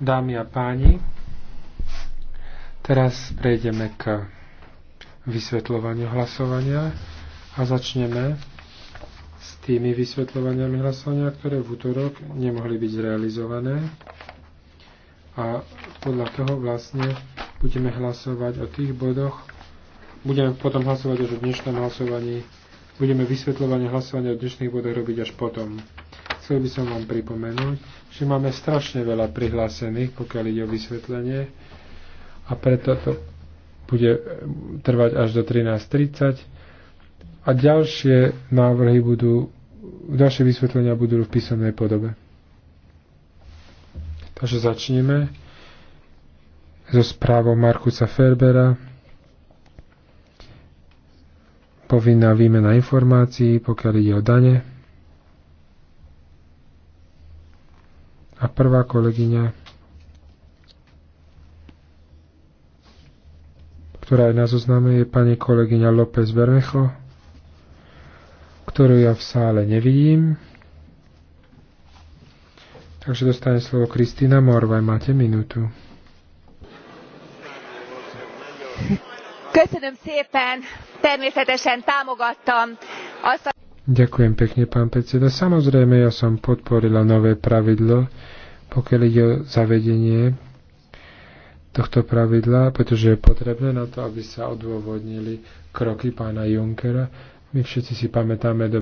Dámy a páni, teraz prejdeme k vysvetľovaniu hlasovania a začneme s tými vysvetľovaniami hlasovania, ktoré v útorok nemohli byť zrealizované a podľa toho vlastne budeme hlasovať o tých bodoch, budeme potom hlasovať až o dnešnom hlasovaní, budeme vysvetľovanie hlasovania o dnešných bodoch robiť až potom. Chcel by som vám pripomenúť, že máme strašne veľa prihlásených, pokiaľ ide o vysvetlenie a preto to bude eh, trvať až do 13.30 a ďalšie návrhy budú, ďalšie vysvetlenia budú v písomnej podobe. Takže začneme so správou Markusa Ferbera povinná výmena informácií, pokiaľ ide o dane. A prvá kolegyňa, ktorá je na zozname, je pani kolegyňa López Bermecho, ktorú ja v sále nevidím. Takže dostane slovo Kristýna Morvaj. Máte minútu. Köszönöm szépen, természetesen támogattam azt a... Ďakujem pekne, pán predseda. Samozrejme, ja som podporila nové pravidlo, pokiaľ ide o zavedenie tohto pravidla, pretože je potrebné na to, aby sa odôvodnili kroky pána Junckera. My všetci si pamätáme do